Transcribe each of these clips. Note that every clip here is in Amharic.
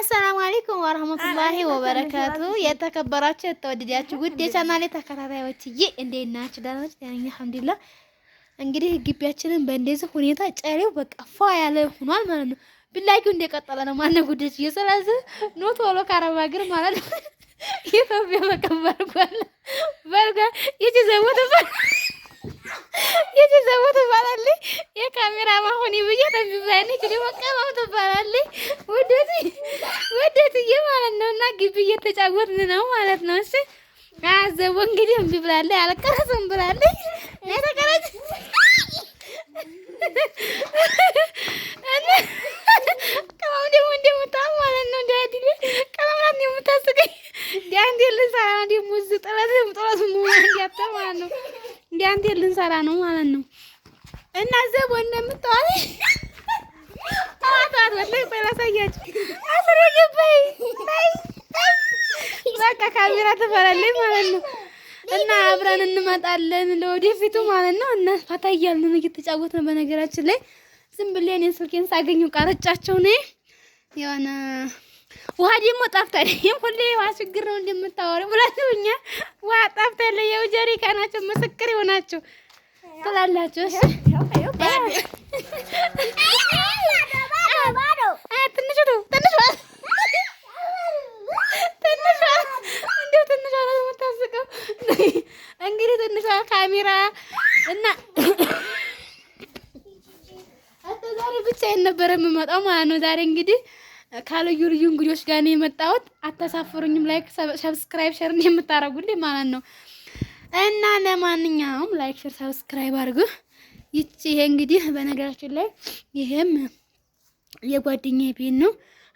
አሰላሙ አሌይኩም ወረህመቱላሂ ወበረካቱ። የተከበራችሁ የተወደዳችሁ ውድ የቻናሌ ተከታታዮችዬ እንዴት ናችሁ? ደህና ናችሁ? ጤነኛ አልሐምዱሊላህ። እንግዲህ ግቢያችንን በእንደዚህ ሁኔታ ጨሬው በቃ ፏ ያለ ሆኗል ማለት ነው። ብላጊው እንደቀጠለ ነው። ማነው ጉዳችዬ? ስለዚህ ኑ ቶሎ ከአረብ ሀገር ማለት ነው ኢትዮጵያ በቀን በርጓል በርጓል ይቺ ዘወት የዘዘቦ ትባላለች። የካሜራ ማሆኔ ብዬ ጠቢዛይነች ሊወቀመው ትባላለች። ወደትዬ ማለት ነው። እና ግቢ እየተጫወትን ነው ማለት ነው። እሺ አዘቦ እንግዲህ እምቢ ብላለች፣ አልቀረጽም ብላለች። የተቀረጽ ቅመም ደግሞ እንደምታም ማለት ነው። እንዲያድል ቅመምናት ነው የምታስቀኝ። እንዲያ እንዴ ልሳ ደግሞ ጠላት ጠላት ማለት ነው እንደ አንተ ልንሰራ ነው ማለት ነው። እና ዘቦ እንደምታዋል አዋጣዋት ወላይ ቆይ ላሳያችሁ። አስረ ገባይ በቃ ካሜራ ትፈራለች ማለት ነው። እና አብረን እንመጣለን ለወደፊቱ ማለት ነው። እና ፈታ እያልን እየተጫወት ነው። በነገራችን ላይ ዝም ብዬ እኔ ስልኬን ሳገኘው ቀረጫቸው ነው የሆነ ውሃ ደግሞ ጠፍታል። ሁሌ ውሃ ችግር ነው እንደምታወሪው ብላችሁኛ ውሃ ጠፍታል አሜሪካ ናቸው። ምስክር ይሆናችሁ ትላላችሁ። እሺ እንግዲህ ትንሿ ካሜራ እና ዛሬ ብቻዬን የምመጣው ማለት ነው። ዛሬ እንግዲህ ከልዩ ልዩ እንግዶች ጋር ነው የመጣሁት። አታሳፍሩኝም። ላይክ፣ ሰብስክራይብ፣ ሸርን የምታረጉልኝ ማለት ነው። እና ለማንኛውም ላይክ፣ ሼር፣ ሰብስክራይብ አድርጉ። ይቺ ይሄ እንግዲህ በነገራችን ላይ ይሄም የጓደኛ ቤት ነው።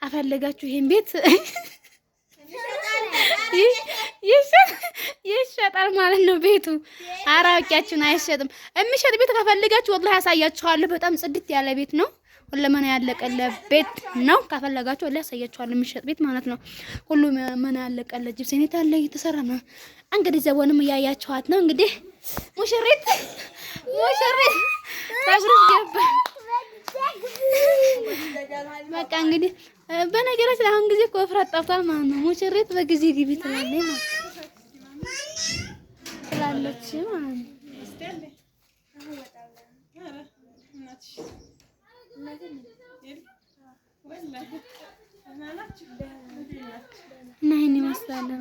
አፈለጋችሁ ይሄን ቤት ይሸጣል ማለት ነው ቤቱ። አራቂያችሁን አይሸጥም። የሚሸጥ ቤት ከፈልጋችሁ ወላሂ ያሳያችኋለሁ። በጣም ጽድት ያለ ቤት ነው። ሁለመና ያለቀለ ቤት ነው። ካፈለጋችሁ ሊያሳያችኋለሁ የሚሸጥ ቤት ማለት ነው። ሁለመና ያለቀለ ጅብስ ኔት ያለ እየተሰራ ነው። እንግዲህ ዘቦንም እያያችኋት ነው። እንግዲህ ሙሽሪት ሙሽሪት ታግሩስ ገባ በቃ እንግዲህ በነገራችን አሁን ጊዜ እኮ እፍረት ጠፍቷል ማለት ነው። ሙሽሪት በጊዜ ግቢ ትላለች ትላለች ማለት ነው። እና ይህን ይመስላል